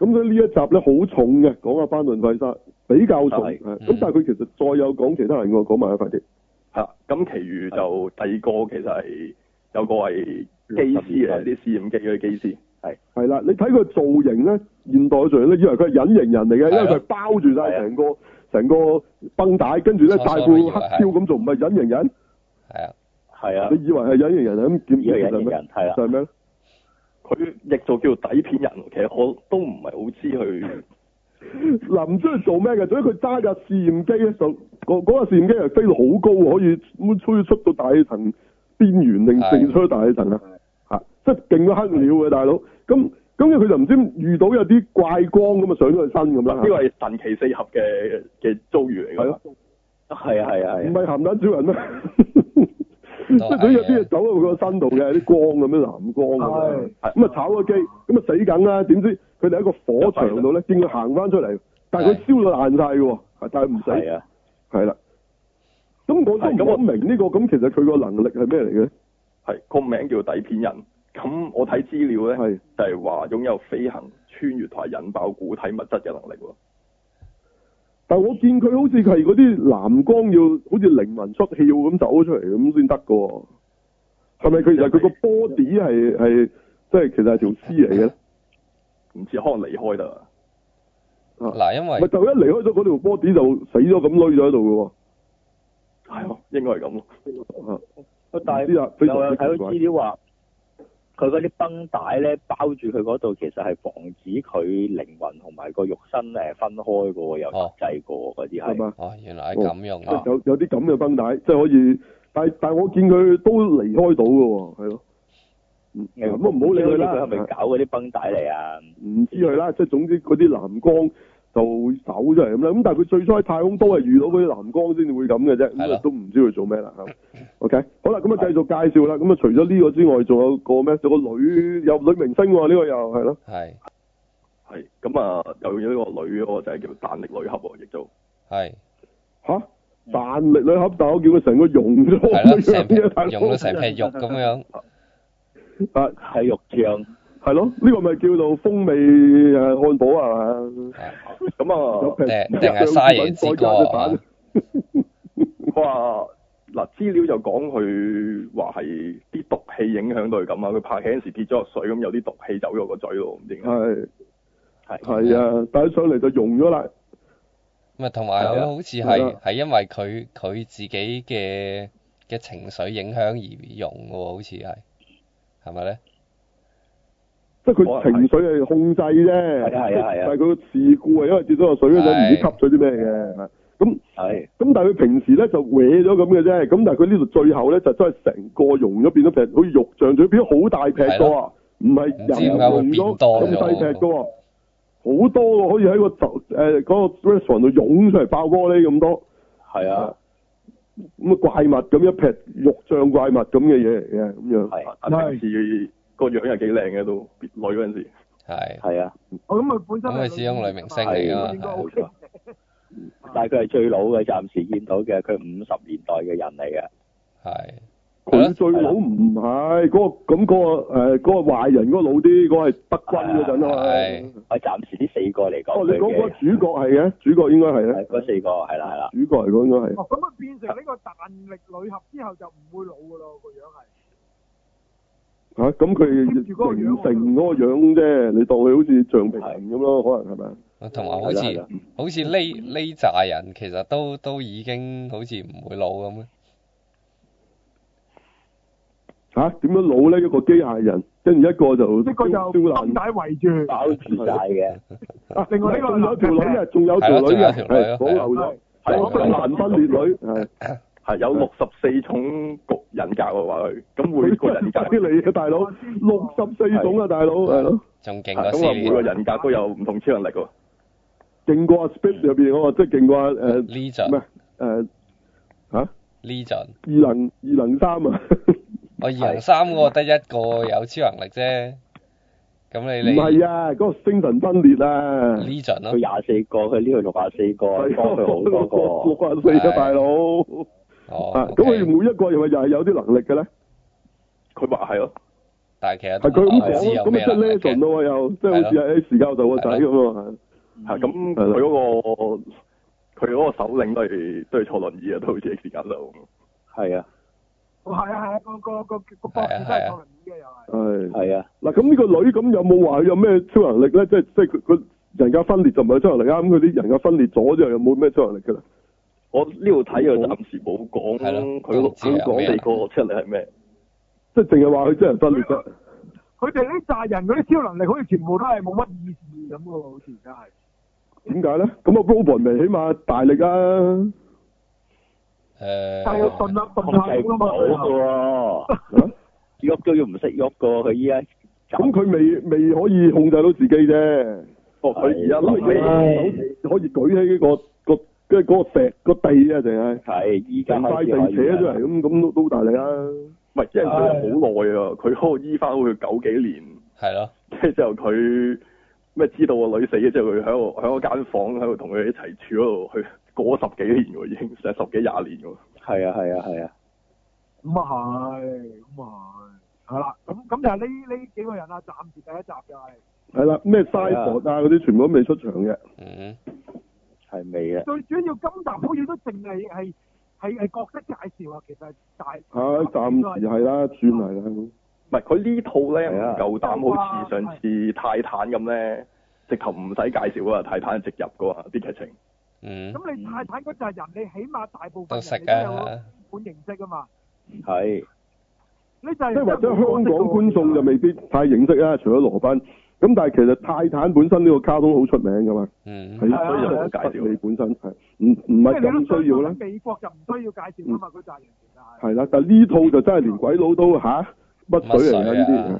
咁佢呢一集咧好重嘅，講阿班頓費沙比較重，係。咁、嗯、但係佢其實再有講其他人嘅，講埋啊快啲。係，咁其餘就第二個其實係有個係機師嘅，啲試驗機嘅機師係係啦。你睇佢造型咧，現代上咧以為佢係隱形人嚟嘅，因為佢係包住晒成個成個繃帶，跟住咧戴副黑超咁做，唔係隱形人。係啊，係啊，你以為係隱形人咁點知咧？係啊，就係咩佢譯做叫底片人，其實我都唔係好知佢。 嗱，唔知佢做咩嘅，總之佢揸架試驗機咧，就嗰架試驗機啊，飛到好高，可以吹出到大氣層邊緣，令成出大氣層啦，吓、啊，即係勁到黑料嘅大佬。咁咁佢就唔知遇到有啲怪光咁啊，上咗佢身咁啦，呢個係神奇四俠嘅嘅遭遇嚟嘅，係咯，係 啊係啊唔係咸蛋超人啊。即係佢有啲啊，走喺個身度嘅啲光咁樣藍光啊，係咁啊炒個機，咁啊死緊啦，點知？佢哋喺個火場度咧，見佢行翻出嚟，但係佢燒到爛晒喎，但係唔死，啊，係啦。咁我都唔明呢個，咁其實佢個能力係咩嚟嘅？係個名叫底片人。咁我睇資料咧，就係話擁有飛行、穿越同埋引爆固體物質嘅能力。但係我見佢好似係嗰啲藍光要，好似靈魂出竅咁走咗出嚟咁先得喎。係咪佢其實佢個 body 係係即係其實係條屍嚟嘅？ 唔知可能離開得，嗱、啊，因為就一離開咗嗰條波子就死咗咁，黐咗喺度嘅，係、哎、咯，應該係咁。啊，但係我有睇到資料話，佢嗰啲繃帶咧包住佢嗰度，其實係防止佢靈魂同埋個肉身誒分開嘅、哦，有設計過嗰啲係。啊、哦，原來係咁樣、啊，即係有有啲咁嘅繃帶，即係可以，但係但係我見佢都離開到嘅，係咯。唔、嗯、咁、嗯、啊！唔好理佢啦。佢係咪搞嗰啲繃帶嚟啊？唔知佢啦，即係總之嗰啲藍光就會走咗嚟咁啦。咁但係佢最初喺太空都係遇到嗰啲藍光先至會咁嘅啫。都唔知佢做咩啦。 OK，好啦，咁啊繼續介紹啦。咁啊除咗呢個之外，仲有個咩？有個女有女明星喎、啊，呢、這個又係咯。係係咁啊！又有呢個女嘅，我就叫做彈力女俠、啊，亦都係吓彈力女俠，但我叫佢成個溶咗，成皮肉咁 樣。啊，係肉醬，係咯，呢、這個咪叫做風味誒漢堡啊？咁啊，誒、 啊，即係沙我話嗱，資、啊、 料就講佢話係啲毒氣影響到佢咁啊，佢拍戲嗰陣時跌咗水，咁有啲毒氣走咗個嘴咯，然係係係啊，帶、啊嗯、上嚟就溶咗啦。咁啊，同埋好似係係因為佢佢自己嘅嘅情緒影響而溶嘅，好似係。係咪咧？即係佢情緒係控制啫，係係係啊。但係佢個事故係因為跌咗個水嗰陣唔知吸咗啲咩嘅。咁係，咁但係佢平時咧就歪咗咁嘅啫。咁但係佢呢度最後咧就真係成個溶咗變咗劈，好似肉醬咁，變咗好大劈多啊！唔係溶咗咁細劈嘅，好多喎，好似喺個誒嗰個 restaurant 度湧出嚟，爆玻璃咁多。係啊。咁啊怪物咁一劈，肉像怪物咁嘅嘢嚟嘅，咁樣。係。當時個樣又幾靚嘅都的，女嗰陣時。係。係啊。我諗佢本身是。咁佢始終女明星嚟噶。應該冇錯。OK、是 但係佢係最老嘅，暫時見到嘅，佢五十年代嘅人嚟嘅。係。佢最老唔係，嗰、那個咁、那個誒，嗰、那個壞、呃那個、人嗰個老啲，嗰、那、係、個、北軍嗰陣啊。係，係暫時啲四個嚟講。哦，個主角係嘅，主角應該係咧。係嗰四個係啦，係啦。主角嚟講、那個、應該係。哦，咁佢變成呢個彈力女俠之後就唔會老噶咯，啊、整整整個樣係。吓，咁佢完成嗰個樣啫，你當佢好似橡皮人咁咯，可能係咪同埋好似，好似呢呢紮人，其實都都已經好似唔會老咁。吓、啊？點樣老咧？一個機械人，跟住一個就即係個就金帶圍住，搞住晒嘅。另外呢個有條女啊，仲 有條女，係 啊，好牛！係啊，男奔女女，係有六十四種局人格喎，話佢咁每個人格你大佬六十四種啊，大佬係咯，仲勁咁啊，每個，每個人格都有唔同超能力喎，勁過 Split 入面嗰個，即係勁過啊！n 咩誒嚇？呢陣二零二零三啊！我、哦、廿三個得一個有超能力啫，咁你你唔係啊？嗰、嗰個星神分裂啊呢 e 佢廿四個，佢呢度就廿四個，多好多個，六個廿四個大佬、哦 哦、啊！咁、okay、佢每一個又咪又係有啲能力嘅咧？佢話係咯，但係其實佢咁咁咪真 legend 咯？又即係好似喺時間度、嗰個仔咁啊！係咁，佢嗰個佢嗰個首領都係都係坐輪椅啊，都好似喺時間度。係啊。哦，係啊係啊，個個個個博士都係超能力嘅又係，係係啊。嗱咁呢個女咁、那個那個、有冇話有咩超能力咧、啊啊？即係即係佢佢人格分裂就唔係超能力啊。咁佢啲人格分裂咗之後又冇咩超能力噶啦。我呢度睇又暫時冇講，佢佢講第二個出嚟係咩？即係淨係話佢超人分裂啫。佢哋呢扎人嗰啲超能力好似全部都係冇乜意義咁啊，好似而家係。點解咧？咁阿羅伯唔係起碼大力啊。誒，控制唔到嘅喎，喐都要唔識喐嘅，佢依家咁，佢未未可以控制到自己啫，哦佢而家可以舉起呢個個跟住嗰個石個地啊，淨係係依家快地扯都嚟，咁，咁都都好大力啦，係即係佢好耐啊，佢開醫翻好九幾年，係咯，即係之後佢咩知道個女死，即係佢喺度喺一間房喺度同佢一齊住嗰度去。過咗十幾年喎，已經成十幾廿年喎。係啊係啊係啊。咁啊係，咁啊係。係啦、啊，咁咁就係呢呢幾個人啊，暫時第一集就係、是。係啦、啊。咩 Sideboard 啊嗰啲，全部都未出場嘅。嗯、啊。係未嘅。最主要今集好似都淨係係係係角色介紹啊，其實大。暫時啊，暫時係啦、啊，算係啦、啊。唔係、啊，佢呢套咧唔夠膽好似上次泰坦咁咧，啊、直頭唔使介紹啊，泰坦直入噶啲劇情。咁、嗯、你泰坦嗰集人，你起碼大部分人、啊、你都有基本認識啊嘛。係。呢就係。即係或者香港觀眾就未必太認識啦、啊，除咗羅賓。咁但係其實泰坦本身呢個卡通好出名噶嘛。嗯。係，所以就唔需要介紹本身係。唔唔係咁需要啦。美國就唔需要介紹啦嘛，嗰集嚟。係啦，但係呢套就真係連鬼佬都嚇乜、啊、水嚟㗎呢啲。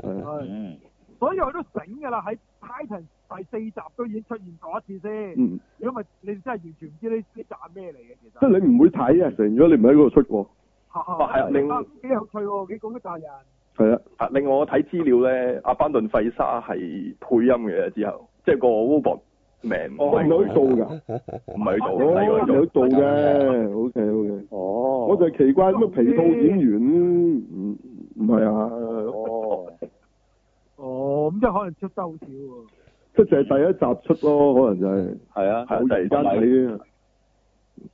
啊、 所以我都醒㗎啦，喺泰坦第四集都已經出現咗一次先，因、嗯、果你真係完全唔知呢呢集係咩嚟嘅，其實。即係你唔會睇啊，成咗你唔喺嗰度出過。啊，另外幾有趣喎，幾個大人。係啊，另外我睇資料咧，阿班頓費沙係配音嘅之後，即、就、係、是、個 Robotman。哦，係唔係去做㗎？唔係去度，係唔係做嘅？O K O K。哦。我就奇怪咁啊，就是、皮套演員唔唔係啊，哦。 哦，咁即係可能出得好少喎、啊。即係第一集出咯，可能就係、是、係啊，係突然間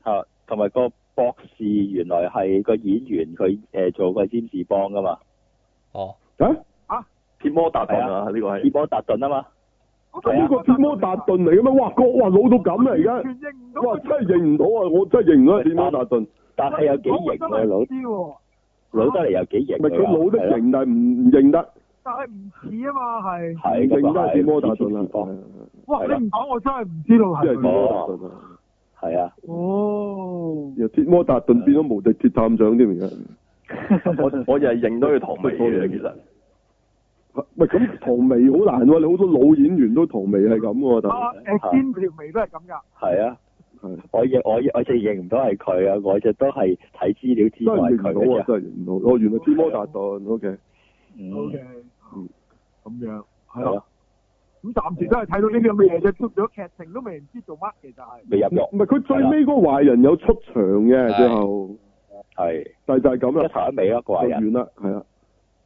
啊，同埋個博士原來係個演員，佢誒、呃、做過詹士邦噶嘛。哦、啊。啊鐵啊！鐵摩達頓啊，呢個係鐵摩達頓啊嘛。咁呢個鐵摩達頓嚟噶嘛，哇，個話老到咁嚟，而家哇真係認唔到啊！我真係認唔到。鐵摩達頓，但係有幾型啊老啊。老得嚟有幾型唔係，佢老得型，但係唔唔認得。但係唔似啊嘛，係唔正都係鐵魔達頓啊！哇，你唔講我真係唔知道係佢啊！係啊，哦，由鐵魔達頓變咗無敵鐵探長添， 我我係係認到佢同眉其實。啊、喂，咁同眉好難喎、啊，你好多老演員都同眉係咁喎，但係，阿金條眉都係咁噶。係啊，我認我我就認唔到係佢啊，我就都係睇資料知係佢嘅。係、啊、原來鐵魔達頓，OK，OK。咁樣係咯，咁暫、啊啊、時都係睇到呢啲咁嘅嘢啫，出咗劇情都未唔知做乜，其實係未入肉。唔係佢最尾嗰個壞人有出場嘅、啊，最後係、啊啊啊，就就係咁啦，啊、一查一尾啦個壞人，完啦，係啊。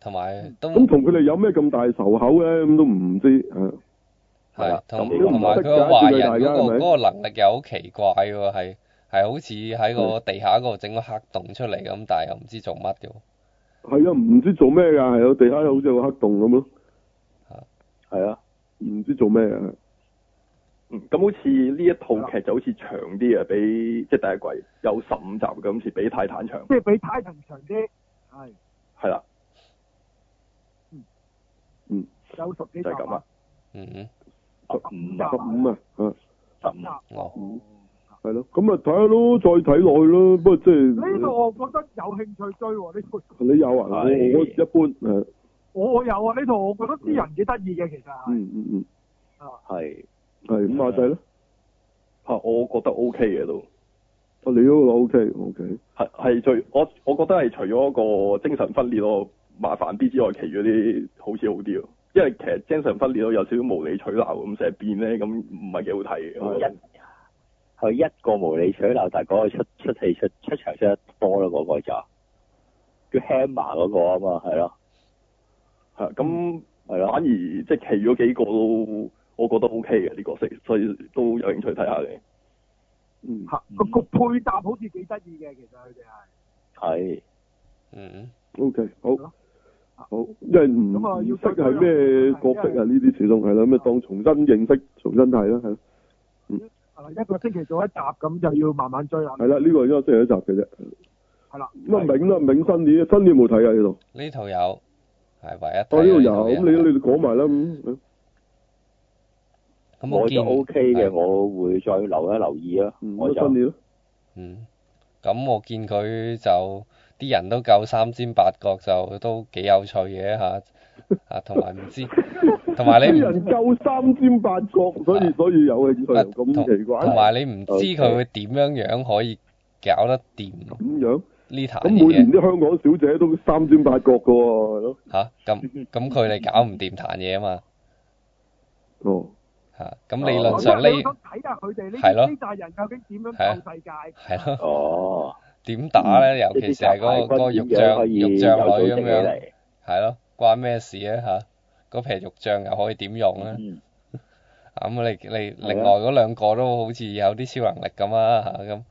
同埋咁同佢哋有咩咁大仇口咧？咁都唔知係。啊，同同埋佢個壞人嗰個嗰個能力又好奇怪嘅喎，係係好似喺個地下嗰度整個黑洞出嚟咁、嗯，但係又唔知做乜嘅。係啊，唔知做咩噶，係啊，地下好似有個黑洞咁咯。啊，係啊，唔知做咩啊。嗯，咁好似呢一套劇就好似長啲啊，比即係第一季有十五集咁，似比泰坦長。即係比泰坦長啲，係。係啦。嗯。有十幾集、啊、就係、是、咁啊。嗯嗯。十,十五集啊，十五集啊，十五。係咯，咁咪睇下咯，再睇耐咯，不過即係呢套我覺得有興趣追喎、哦，你你有啊？我一般誒，我有啊，呢套我覺得啲人幾得意嘅，其實嗯嗯嗯，係、嗯，係係咁阿仔咧，吓、啊嗯我，啊、我覺得 OK 嘅都，啊你都話 OK OK，係係除我我覺得係除咗個精神分裂咯麻煩啲之外，其餘啲好似好啲，因為其實精神分裂咯有少少無理取鬧咁成日變咧，咁唔係幾好睇嘅。佢一個無理取鬧，但係嗰個出出戲出出場出得多咯、那個，嗰、那個就叫 Hammer 嗰、那個啊嘛，係咯，係咁係啦，反而即係其餘嗰幾個都我覺得 O K 嘅啲角色，所以都有興趣睇下你。嗯，吓、嗯，個配搭好似幾得意嘅，其實佢哋係係，嗯，O K，好，好，咁啊，要識係咩角色啊？呢啲始終係啦，咁啊，當、嗯、重新認識、重新睇咯，係。一個星期做一集，咁就要慢慢追啦。係啦，呢個一個星期一集嘅啫。係啦。咁啊，冥啦冥新嘅，新嘅冇睇啊呢度。呢套有。係唯一。我呢度有，咁你你講埋啦。咁我就 OK 嘅，我會再留一留意啊。嗯，我信你咯。嗯，咁我見佢就啲人都夠三尖八角，就都幾有趣嘅，吓吓，同埋唔知。同埋你，啲人夠三尖八角，所以所以有嘅嘢佢咁奇怪。同同埋你唔知佢會點樣樣可以搞得掂。咁樣呢單嘢，咁每年啲香港小姐都三尖八角㗎喎。嚇，咁咁佢哋搞唔掂單嘢啊嘛。哦，嚇，咁理論上呢？係咯。係咯。咁睇下佢哋呢呢扎人究竟點樣鬥世界？係咯。哦，點打咧？尤其是嗰個嗰個玉將玉將女咁樣。係咯，關咩事咧嚇？嗰皮肉醬又可以點用咧？啊咁啊！你你另外嗰兩個都好似有啲超能力咁啊！嚇咁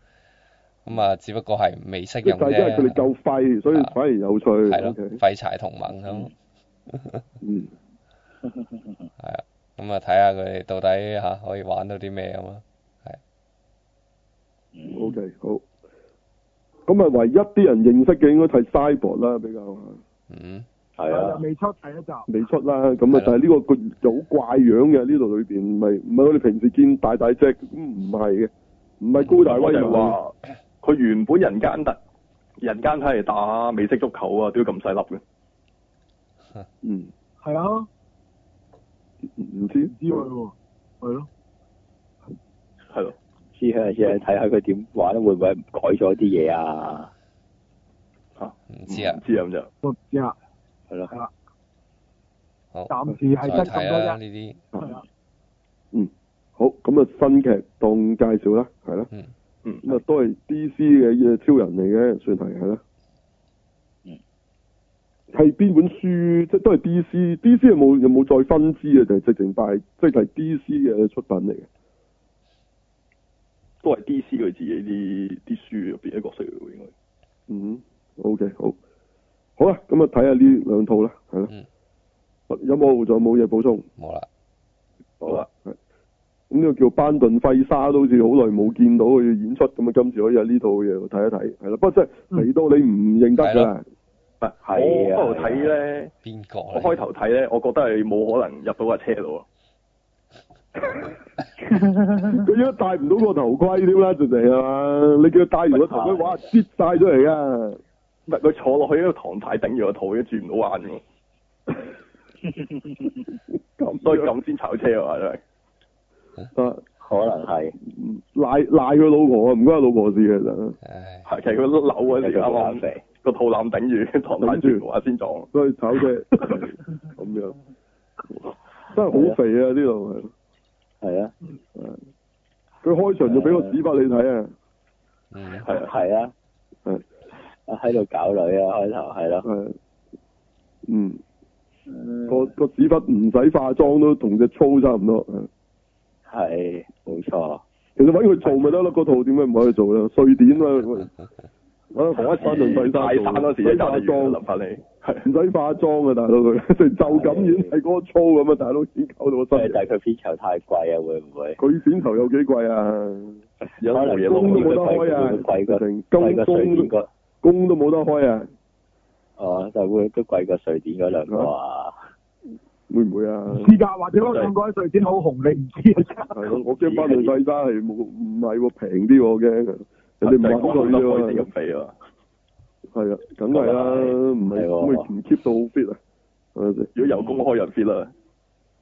咁啊，只不過係未識用啫。就係因為佢哋夠廢，所以反而有趣。廢柴同盟咁。嗯。係啊，咁啊，睇下佢哋到底嚇可以玩到啲咩咁啊？係。OK，好。咁啊，唯一啲人認識嘅應該係 Cyber 啦，比較。嗯。係啊，未出第一集。未出啦，咁啊，但係呢個個好怪樣嘅，呢度裏邊咪唔係我哋平時見大大隻，唔係嘅，唔係高大威。人話佢原本人間得人間嚟，打美式足球要、 嗯、啊，都咁細粒嘅。嗯，係啊，唔知，知佢喎，係咯，係咯，試下試下睇下佢點玩，會唔會改咗啲嘢啊？吓，唔知啊，唔知咁就唔知啊。係啦係啦，暫時係得咁多呢啲係啦，嗯，好，咁啊新劇當介紹啦，係啦，嗯嗯，咁啊都係 D C 嘅超人嚟嘅，算係係啦，嗯，係邊、嗯、本書即都係 D C，D C 有冇有冇再分支啊？定係直情即係 D C 嘅出品嚟嘅，都係 D C 佢自己啲啲書入邊嘅角色應該，嗯，OK，好。好啦，咁啊睇下呢兩套啦，係咯，嗯、有冇仲冇嘢補充？冇啦，好啦，咁呢、呢個叫班頓菲沙，都好似好耐冇見到佢嘅演出，咁、那、啊、個、今次可以喺呢套嘢睇一睇，係啦、嗯，不過真係維多你唔認得噶啦，係啊，我開頭睇咧，邊個？我開頭睇咧，我覺得係冇可能入到個車度啊，佢如果戴唔到個頭盔點啦，直情啊！你叫佢戴完個頭盔，哇跌晒咗嚟啊。佢坐落去呢個唐太頂住個肚，而家轉唔到眼。嘅喎。咁所以咁先炒車喎，真係。啊？可能係賴賴佢老婆啊？唔關佢老婆事嘅係。係其實佢甩扭啊，你家啱肥，個肚腩頂住，唐太轉話先撞， 所以炒車咁 樣。真係好肥啊！呢度係。係啊。佢開場就俾個屎忽你睇啊！係啊！係啊！喺度搞女啊，開頭係咯，嗯，個個屎忽唔使化妝都同隻粗差唔多，係、嗯，冇、嗯、錯、嗯嗯嗯嗯嗯，其實搵佢做咪得咯，個套點解唔可以做咧？瑞典啊，黃一山定泰山，泰山嗰時唔使 化妝，唔使化妝嘅大佬佢，就咁演嗰個粗咁啊，大佬搞到我，但係佢片酬太貴啊，會唔會？佢片酬有幾貴啊？有冇工都冇得開啊？咁貴工都冇得開啊！哦，但就會都貴過瑞典嗰兩個啊？會唔會啊？試、嗯、下或者香港喺瑞典好紅，你唔知係咯，我驚翻嚟細沙係冇唔係喎，平啲我驚，人哋唔係好耐咁肥啊！係啊，梗係啦，唔係咁咪唔 keep 到 fit 啊！如果由工開入 fit 啊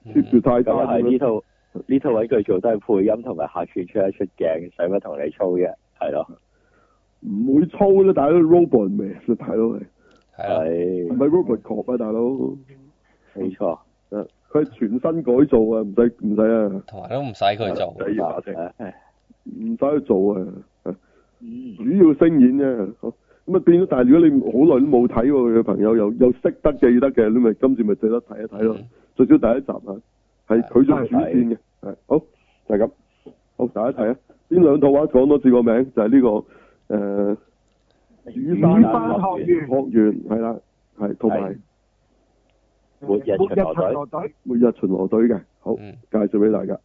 ，keep 住太差。呢、嗯、套呢 套位嘅做低都配音同埋客串出一出鏡，使乜同你操啫？係咯。唔會操咧，大家都 robot 咩？大佬係，係唔係 robot cop 啊？大佬，冇錯，誒，佢係全新改造啊，唔使唔使啊，同埋都唔使佢做唔使佢做啊，主要聲演啫。咁啊，就變咗。但係如果你好耐都冇睇過佢嘅朋友，有又又識得記得嘅，你咪今次咪值得睇一睇咯、嗯。最少第一集啊，係佢做主線嘅，係好就係咁。好,、就是、好大家睇啊，邊、嗯、兩套話講多次個名字就係、是、呢、這個。誒、呃，雨傘，傘學院，學院係啦，係同埋，末日巡邏隊，末日巡邏隊嘅，好，介紹俾大家。